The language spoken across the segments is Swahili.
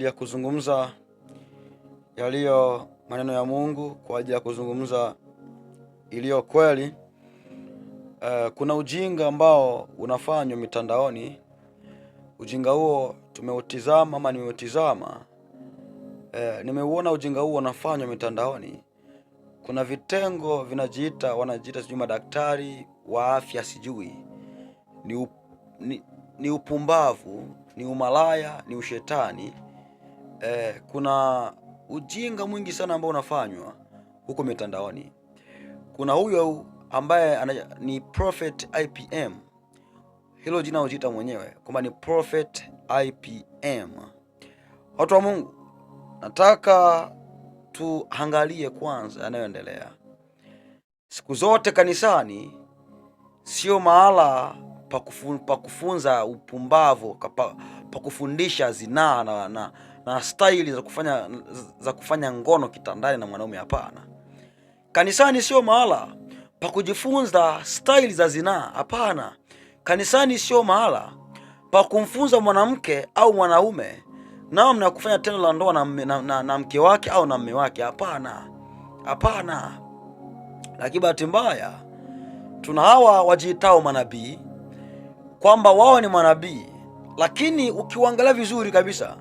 ajili ya kuzungumza yaliyo maneno ya Mungu, kwa ajili ya kuzungumza iliyo kweli. Uh, kuna ujinga ambao unafanywa mitandaoni. Ujinga huo tumeutizama ama nimeutizama, uh, nimeuona ujinga huo unafanywa mitandaoni. Kuna vitengo vinajiita wanajiita sijui madaktari wa afya sijui ni, up, ni, ni upumbavu, ni umalaya, ni ushetani eh, kuna ujinga mwingi sana ambao unafanywa huko mitandaoni. Kuna huyo ambaye ni Prophet IPM, hilo jina ujita mwenyewe kwamba ni Prophet IPM. Watu wa Mungu, nataka tuangalie kwanza yanayoendelea siku zote kanisani. Sio mahala pa kufunza upumbavu, pa kufundisha zinaa na, na na staili za kufanya, za kufanya ngono kitandani na mwanaume. Hapana, kanisani sio mahala pa kujifunza staili za zinaa. Hapana, kanisani sio mahala pa kumfunza mwanamke au mwanaume namna ya kufanya tendo la ndoa na, na, na, na mke wake au na mme wake. Hapana, hapana. Lakini bahati mbaya tuna hawa wajiitao manabii kwamba wao ni manabii, lakini ukiuangalia vizuri kabisa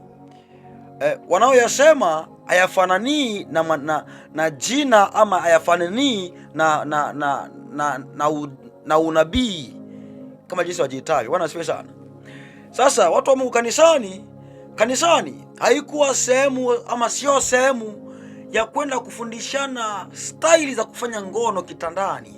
eh, wanaoyasema hayafananii na, na, na jina ama hayafananii na, na, na, na, na, na, na unabii kama jinsi wajiitavyo. Bwana asifiwe sana. Sasa watu wa Mungu kanisani, kanisani haikuwa sehemu ama sio sehemu ya kwenda kufundishana staili za kufanya ngono kitandani.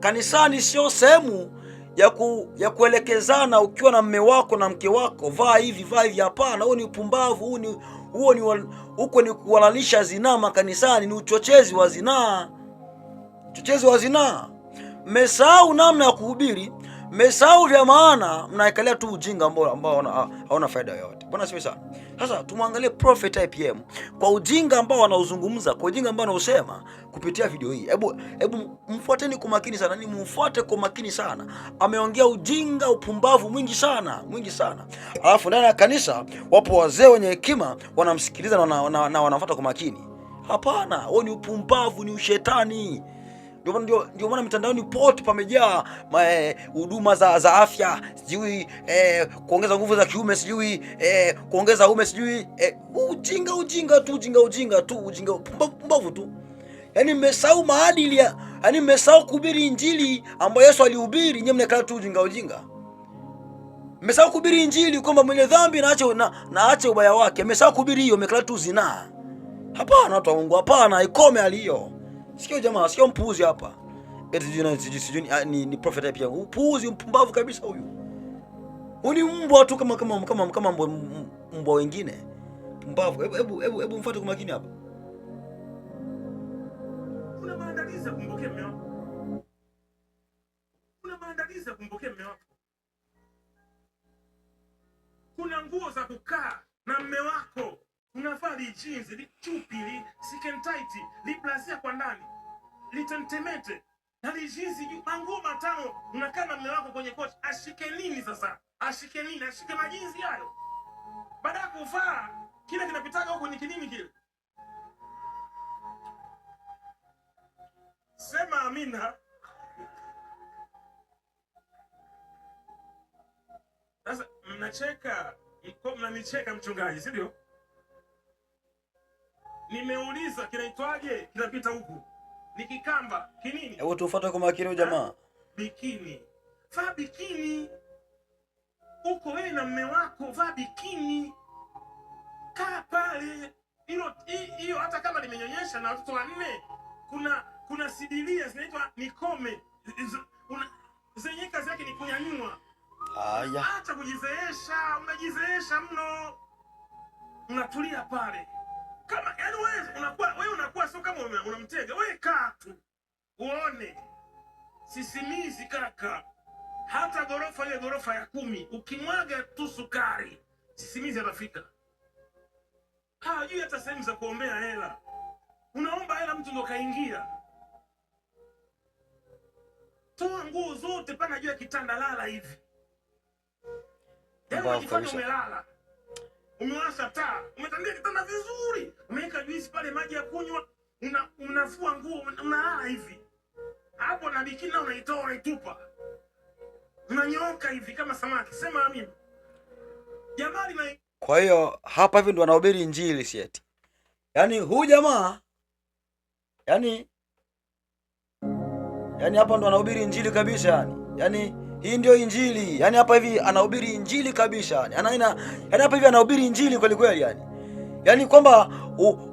Kanisani sio sehemu ya, ku, ya kuelekezana ukiwa na mme wako na mke wako, vaa hivi vaa hivi. Hapana, huo ni upumbavu, huo ni huo ni huko ni kuhalalisha zinaa makanisani, ni uchochezi wa zinaa, uchochezi wa zinaa. Mmesahau namna ya kuhubiri mmesahau vya maana, mnaekalea tu ujinga ambao ambao hauna faida yoyote. Bwana sifi sana. Sasa tumwangalie Prophet IPM kwa ujinga ambao wanauzungumza kwa ujinga ambao anausema kupitia video hii. Hebu hebu mfuateni kwa makini sana, ni mfuate kwa makini sana. Ameongea ujinga, upumbavu mwingi sana, mwingi sana. Alafu ndani ya kanisa wapo wazee wenye hekima wanamsikiliza na, na, na, na wanafuata kwa makini. Hapana, huo ni upumbavu, ni ushetani. Ndio maana ndio maana mitandaoni pote pamejaa eh, huduma za, za afya sijui eh, kuongeza nguvu za kiume sijui eh, kuongeza ume sijui eh, ujinga ujinga tu ujinga ujinga tu ujinga mbovu tu. Yaani mmesahau maadili ya yaani mmesahau kuhubiri Injili ambayo Yesu alihubiri, nyewe mnakaa tu ujinga ujinga. Mmesahau kuhubiri Injili kwamba mwenye dhambi naache na, naache ubaya wake. Mmesahau kuhubiri hiyo, mmekaa tu zinaa. Hapana, watu wa Mungu, hapana, ikome hali hiyo. Sikio jamaa, sikio mpuuzi hapa. Eti sijui sijui ah, ni, ni prophet pia. yangu. Mpuuzi mpumbavu kabisa huyu. Huyu ni mbwa tu kama kama kama kama mbwa, mbwa wengine. Mpumbavu. Hebu hebu hebu, hebu mfuate kwa makini hapa. Kuna maandalizi ya kumpokea mume wako. Kuna maandalizi ya kumpokea mume wako. Kuna nguo za kukaa na mume wako. Unavaa li jeans li chupi li sikentaiti liblazia kwa ndani li tentemete na li jeans ju manguo matano, unakaa na mume wako kwenye kochi. Ashike nini sasa? Ashike nini? Ashike majinzi hayo? Baada ya kuvaa kile kinapitaga huko ni kinini kile? Sema amina. Sasa mnacheka mko, mnanicheka mchungaji, si ndio? Nimeuliza kinaitwaje? Kinapita huku. Ni kikamba, kinini? Hebu tufuate kwa makini jamaa. Ah, bikini. Vaa bikini. huko wewe na mume wako, vaa bikini. Kaa pale. Hilo hiyo hata kama limenyonyesha na watoto wanne, kuna kuna sidilia zinaitwa nikome. Zenye kazi yake ni kunyanyua. Haya. Acha kujizeesha, unajizeesha mno. Unatulia pale wewe unakuwa wewe unakuwa sio kama unamtega wewe, kaa tu uone sisimizi kaka, hata gorofa ile ghorofa ya kumi ukimwaga tu sukari sisimizi atafika. Hajui hata sehemu za kuombea hela, unaomba hela mtu ndo kaingia. Toa nguo zote pana juu ya kitanda, lala hivi, umelala umewasha taa, umetandika kitanda vizuri, umeweka juisi pale, maji ya kunywa, unafua nguo, unalala hivi hapo, na bikina unaitoa unaitupa, unanyoka hivi kama samaki. Sema amina jamani. Na kwa hiyo hapa hivi ndo wanahubiri injili sieti, yaani huu jamaa yaani yaani hapa ndo wanahubiri injili kabisa, yani, yani... Hii ndio injili. Yaani hapa hivi anahubiri injili kabisa yani. Anaina yaani hapa hivi anahubiri injili kweli kweli yani. Yaani kwamba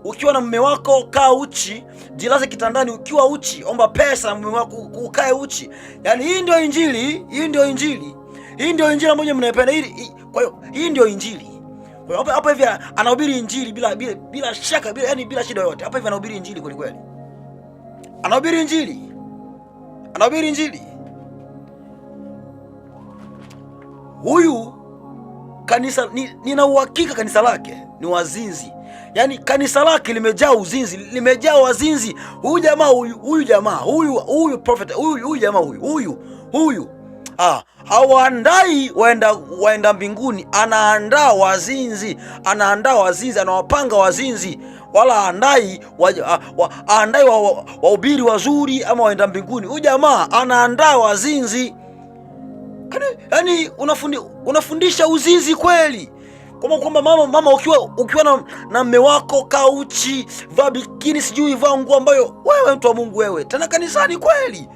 ukiwa na mume wako kaa uchi, jilaze kitandani ukiwa uchi, omba pesa mume wako ukae uchi. Yaani hii ndio injili, hii ndio injili. Hii ndio injili ambayo mnaipenda hii. Kwa hiyo hii ndio injili. Kwa hiyo hapa hivi anahubiri injili bila bila, bila shaka bila yani bila shida yoyote. Hapa hivi anahubiri injili kweli kweli. Anahubiri injili. Anahubiri injili. huyu kanisa nina ni uhakika kanisa lake ni wazinzi, yaani kanisa lake limejaa uzinzi, limejaa wazinzi. Huyu jamaa huyu, huyu jamaa huyu huyu prophet huyu huyu jamaa huyu huyu huyu ah, hawaandai waenda, waenda mbinguni, anaandaa wazinzi, anaandaa wazinzi, anawapanga wazinzi, wala aandai wa, wa, wa, wa wazuri ama waenda mbinguni. Huyu jamaa anaandaa wazinzi. Yaani, yaani unafundi, unafundisha uzinzi kweli kama kwamba mama mama, ukiwa ukiwa na, na mme wako kauchi, vaa bikini, sijui vaa nguo ambayo wewe, mtu wa Mungu wewe, tena kanisani kweli?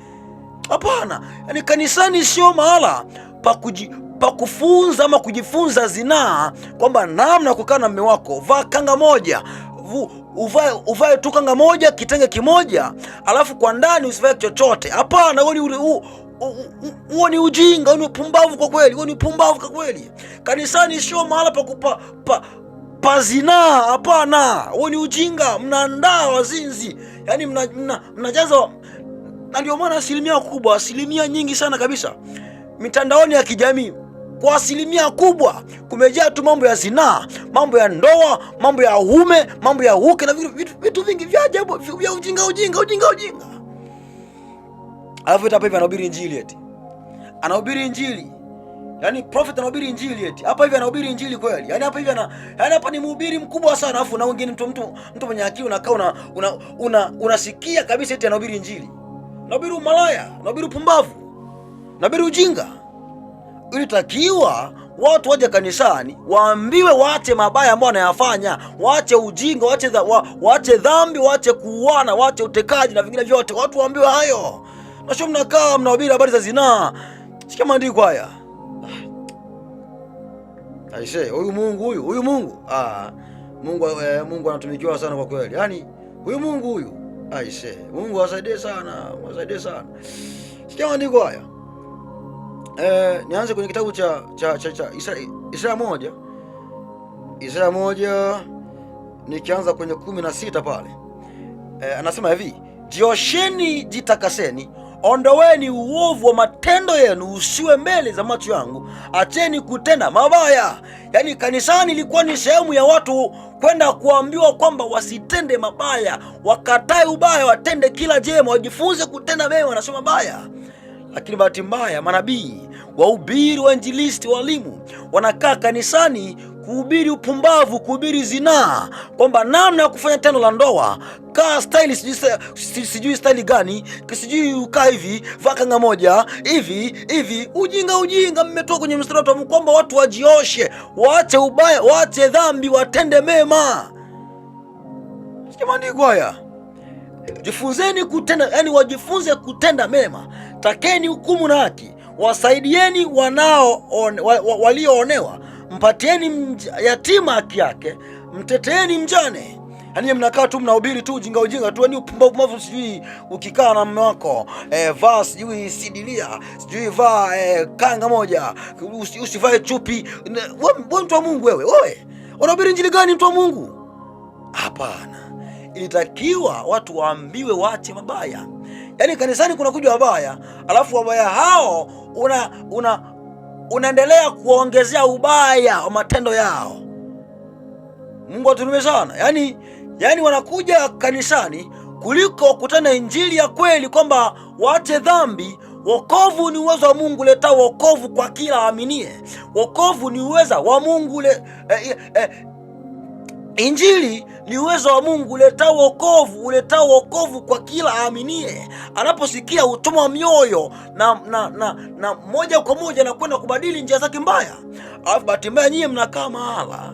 Hapana, yaani kanisani sio mahala pa kuji pa kufunza ama kujifunza zinaa, kwamba namna kukaa na mme wako, vaa kanga moja uvae uvae tu kanga moja kitenge kimoja, alafu kwa ndani usivae chochote. Hapana, wewe huo ni ujinga, ni upumbavu kwa kweli, huo ni upumbavu kwa kweli. Kanisani sio mahala pa kupa pa, pazinaa hapana, huo ni ujinga. Mnaandaa wazinzi, yaani mnajaza mna, mna na ndio maana asilimia kubwa, asilimia nyingi sana kabisa, mitandaoni ya kijamii kwa asilimia kubwa kumejaa tu mambo ya zinaa, mambo ya ndoa, mambo ya ume, mambo ya uke na vitu, vitu, vitu vingi vya ajabu vya ujinga ujinga ujinga ujinga. Alafu hapa hivi anahubiri injili eti. Anahubiri injili. Yaani prophet anahubiri injili eti. Hapa hivi anahubiri injili kweli. Yaani hapa hivi ana yaani hapa ni mhubiri mkubwa sana alafu na wengine mtu mtu mtu mwenye akili unakaa una una una, una kabisa eti anahubiri injili. Anahubiri umalaya, anahubiri pumbavu. Anahubiri ujinga. Ilitakiwa watu waje kanisani waambiwe waache mabaya ambayo wanayafanya, waache ujinga, waache wa, waache dhambi, waache kuuana, waache utekaji na vingine vyote. Watu waambiwe hayo Nasho mnakaa mnahubiri habari za zinaa. Shika maandiko haya. Aise, huyu Mungu huyu, huyu Mungu. Ah, Mungu eh, Mungu anatumikiwa sana kwa kweli. Yaani huyu Mungu huyu. Aise, Mungu asaidie sana, asaidie sana. Sikia maandiko haya. Eh, nianze kwenye kitabu cha cha cha, cha Isaya Isaya moja. Isaya moja nikianza kwenye kumi na sita pale. Eh, anasema hivi, jiosheni jitakaseni Ondoweni uovu wa matendo yenu usiwe mbele za macho yangu, acheni kutenda mabaya. Yaani kanisani ilikuwa ni sehemu ya watu kwenda kuambiwa kwamba wasitende mabaya, wakatae ubaya, watende kila jema, wajifunze kutenda mema na sio mabaya. Lakini bahati mbaya, manabii, wahubiri, wainjilisti, walimu wanakaa kanisani kuhubiri upumbavu, kuhubiri zinaa, kwamba namna ya kufanya tendo la ndoa, kaa staili sijui staili gani, sijui ukaa hivi, vaa kanga moja hivi hivi. Ujinga ujinga, mmetoka kwenye mstari wa kwamba watu wajioshe, waache ubaya, waache dhambi, watende mema. Maandiko haya jifunzeni kutenda, yani wajifunze kutenda mema, takeni hukumu na haki, wasaidieni wanao on, walio onewa mpatieni yatima haki yake, mteteeni mjane. Yani mnakaa tu mnahubiri tu ujinga ujinga tu, yani upumbavu mavu, sijui ukikaa na mume wako e, vaa sijui sidilia sijui vaa e, kanga moja, usivae chupi. Wewe mtu wa Mungu wewe, wewe unahubiri injili gani mtu wa Mungu? Hapana, ilitakiwa watu waambiwe waache mabaya. Yani kanisani kuna kuja wabaya, alafu wabaya hao una, una unaendelea kuongezea ubaya wa matendo yao. Mungu atunume sana. Yaani, yaani wanakuja kanisani kuliko kutana injili ya kweli kwamba waache dhambi. Wokovu ni uwezo wa Mungu leta wokovu kwa kila aminie Wokovu ni uweza wa Mungu le, eh, eh, eh Injili ni uwezo wa Mungu uletao wokovu, uletao wokovu kwa kila aaminie, anaposikia wa mioyo na, na, na, na moja kwa moja na kwenda kubadili njia zake mbaya. Alafu bahati mbaya nyie mnakaa mahala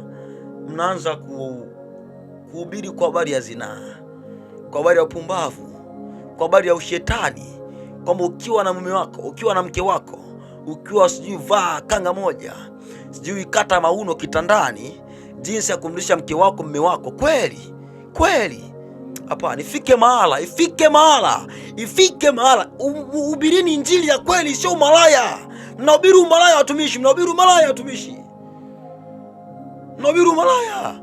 mnaanza kuhubiri kwa habari ya zinaa, kwa habari ya upumbavu, kwa habari ya ushetani, kwamba ukiwa na mume wako, ukiwa na mke wako, ukiwa sijui vaa kanga moja, sijui kata mauno kitandani jinsi ya kumlisha mke wako mme wako kweli kweli. Hapana, ifike mahala, ifike mahala, ifike mahala. Hubirini injili ya kweli, sio umalaya. Mnahubiri umalaya watumishi, mnahubiri umalaya watumishi, mnahubiri umalaya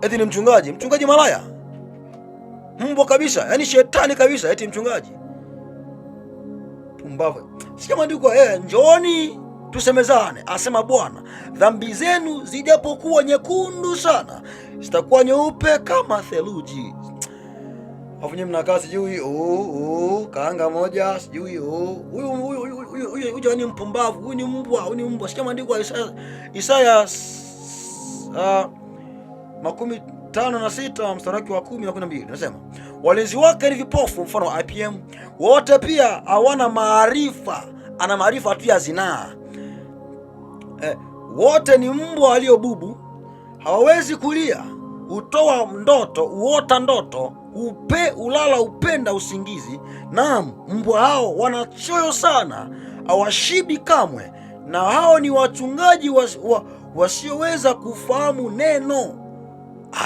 eti ni mchungaji, mchungaji malaya, mbwa kabisa, yaani shetani kabisa, eti mchungaji pumbavu. Sikia maandiko eh, njoni tusemezane, asema Bwana, dhambi zenu zijapokuwa nyekundu sana zitakuwa nyeupe kama theluji. Afunye mnakaa sijui kaanga moja sijui huyu jamani, mpumbavu huyu, ni mbwa huyu, ni mbwa. Sikia maandiko ya Isaya ah, makumi tano na sita mstari wake wa kumi na kumi na mbili nasema walinzi wake ni vipofu, mfano wa IPM wote pia hawana maarifa, ana maarifa tu ya zinaa eh, wote ni mbwa waliobubu, hawawezi kulia, hutoa ndoto, huota ndoto, upe ulala, upenda usingizi. Naam, mbwa hao wanachoyo sana, hawashibi kamwe, na hao ni wachungaji was, wa, wasioweza kufahamu neno.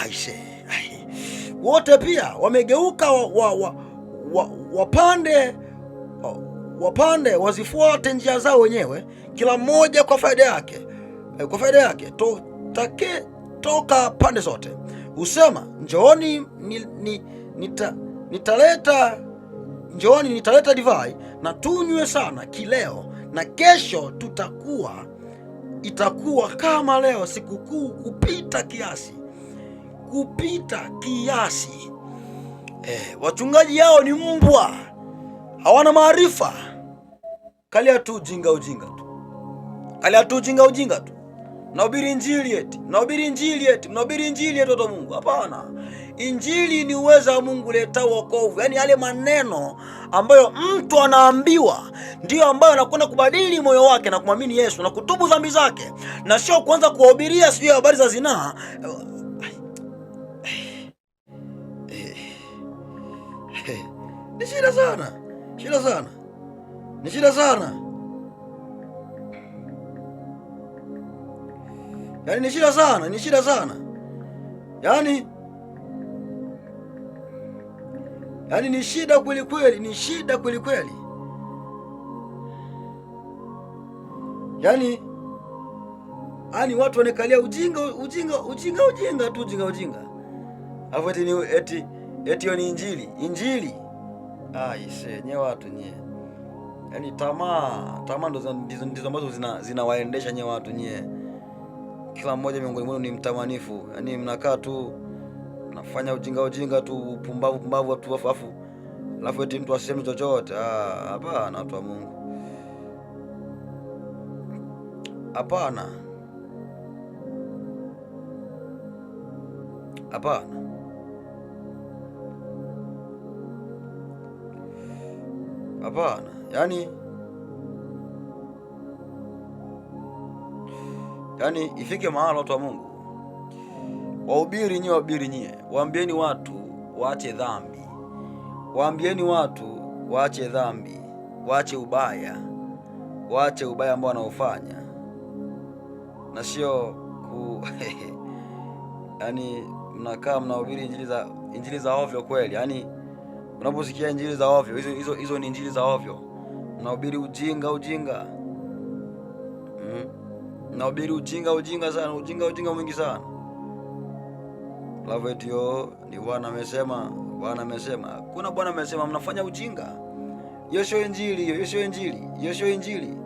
Aise, wote pia wamegeuka wa, wa, wa, wa, wapande wapande wazifuate njia zao wenyewe kila mmoja kwa faida yake, eh, kwa faida yake to, take, toka pande zote. Husema njooni nitaleta nita njooni nitaleta divai na tunywe sana kileo, na kesho tutakuwa itakuwa kama leo, sikukuu kupita kiasi, kupita kiasi. Eh, wachungaji yao ni mbwa, hawana maarifa, kalia tu ujinga ujinga tu aliatu ujinga ujinga tu naubiri injili eti Naubiri injili eti Naubiri injili eti Mungu. Hapana, injili ni uwezo wa Mungu leta wokovu, yaani yale maneno ambayo mtu anaambiwa ndiyo ambayo anakwenda kubadili moyo wake na kumwamini Yesu na kutubu dhambi zake, na sio kuanza kuwahubiria sijui habari za zinaa. Ni shida sana, shida sana, ni shida sana. Yaani ni shida sana, ni shida sana. Yaani yaani ni shida kweli kweli, ni shida kweli kweli. Yaani yaani watu wanekalia ujinga ujinga ujinga ujinga tu ujinga ujinga. Alafu eti ni eti eti ni injili, injili. Ah, ise nye watu nye. Yaani tamaa, tamaa ndizo ndizo ambazo zinawaendesha zina nye watu nye kila mmoja miongoni mwenu ni mtamanifu, yaani mnakaa tu mnafanya ujinga ujinga tu upumbavu pumbavu tu afafu, alafu eti mtu aseme chochote. Ah, hapana, watu wa Mungu, hapana, hapana. Hapana, yaani Yaani ifike mahali watu wa Mungu wahubiri nyie, wahubiri nyie, waambieni watu waache dhambi, waambieni watu waache dhambi, waache ubaya, waache ubaya ambao wanaofanya na sio ku yaani mnakaa mnahubiri injili za injili za ovyo kweli. Yaani mnaposikia injili za ovyo hizo, hizo ni injili za ovyo, mnahubiri ujinga ujinga Nahubiri ujinga ujinga sana, ujinga ujinga mwingi sana. Love yo ni Bwana amesema, Bwana amesema. Kuna Bwana amesema mnafanya ujinga. Hiyo sio injili, hiyo sio injili, hiyo sio injili.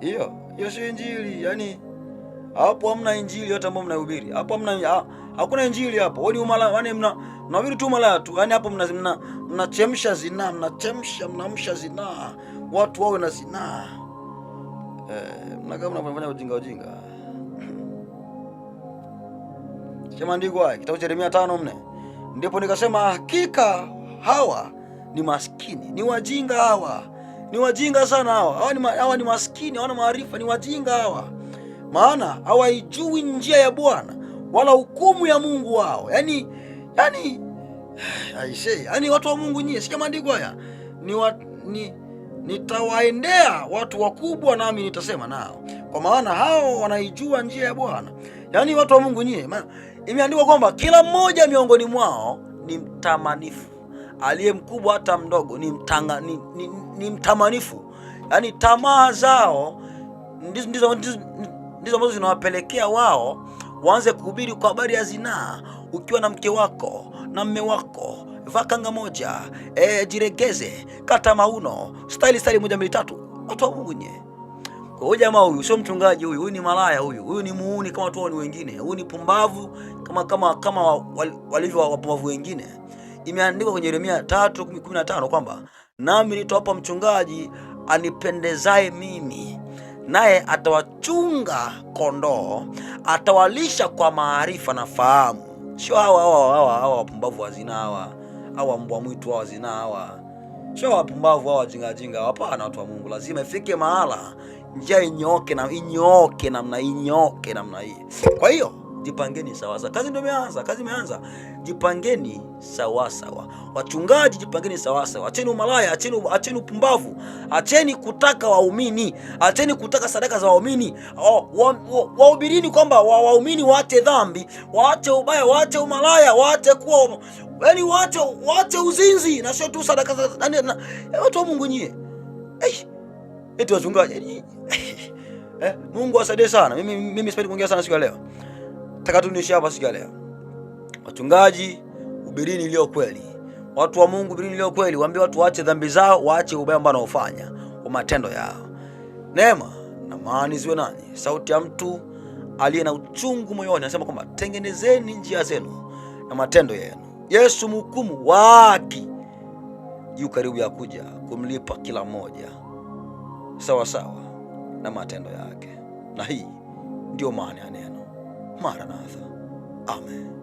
Hiyo, hiyo sio injili. Yani hapo hamna injili hata ambao mnahubiri. Hapo hamna hakuna injili hapo. Wewe ni umala, yaani mna mnahubiri tu umala tu. Yaani hapo mnachemsha mna zinaa, mnachemsha mnaamsha zinaa. Watu wawe na zinaa. Eh, mnakaa mnafanya ujinga ujinga. Kimeandikwa kitabu cha Yeremia tano Ndipo nikasema hakika hawa ni maskini, ni wajinga hawa. Ni wajinga sana hawa. Hawa ni, ma, hawa ni maskini, hawana maarifa, ni wajinga hawa. Maana hawaijui njia ya Bwana wala hukumu ya Mungu wao. Yani, yani, aisee, yaani watu wa Mungu nyie, sikia maandiko haya. Ni wa, ni nitawaendea watu wakubwa, nami nitasema nao, kwa maana hao wanaijua njia ya Bwana. Yaani watu wa Mungu nyie, imeandikwa kwamba kila mmoja miongoni mwao ni mtamanifu, aliye mkubwa hata mdogo ni, mtanga, ni, ni, ni mtamanifu. Yaani tamaa zao ndizo ambazo zinawapelekea wao waanze kuhubiri kwa habari ya zinaa. Ukiwa na mke wako na mme wako vakanga moja e, jiregeze kata mauno staili staili moja mbili tatu, watu wabunye. Kwa hiyo jamaa huyu sio mchungaji huyu, huyu ni malaya huyu, huyu ni muuni kama watu wengine, huyu ni pumbavu kama kama kama walivyo wapumbavu wengine. Imeandikwa kwenye Yeremia 3:15 kwamba nami nitawapa mchungaji anipendezaye mimi, naye atawachunga kondoo, atawalisha kwa maarifa na fahamu. Sio hawa hawa hawa hawa wapumbavu wazina hawa hawa mbwa mwitu hawa zinaa hawa sio wapumbavu hawa wajingajinga, hapana. Watu wa Mungu lazima ifike mahala njia inyooke na inyooke namna inyooke namna hii. Kwa hiyo jipangeni sawasawa, kazi ndio imeanza, kazi imeanza. Jipangeni sawasawa, wachungaji, jipangeni sawasawa. Acheni umalaya, acheni acheni upumbavu, acheni kutaka waumini, acheni kutaka sadaka za waumini. Wahubirini wa, wa, wa kwamba waumini waache dhambi, waache ubaya, waache umalaya, waache kuwa Yaani waache waache uzinzi na sio tu sadaka za na, eh, watu wa Mungu nyie. Eh, Eti wachungaji. Eh, eh, Mungu asaidie sana. Mimi mimi sipendi kuongea sana siku ya leo. Nataka tu niishi hapa siku ya leo. Wachungaji, hubirini iliyo kweli. Watu wa Mungu, hubirini iliyo kweli. Waambie watu waache dhambi zao, waache ubaya ambao wanaofanya kwa matendo yao. Neema na maani ziwe nani? Sauti ya mtu aliye na uchungu moyoni anasema kwamba tengenezeni njia zenu na matendo yenu. Yesu mhukumu wa haki yu karibu ya kuja kumlipa kila mmoja sawa sawa na matendo yake, na hii ndiyo maana ya neno Maranatha. Amen.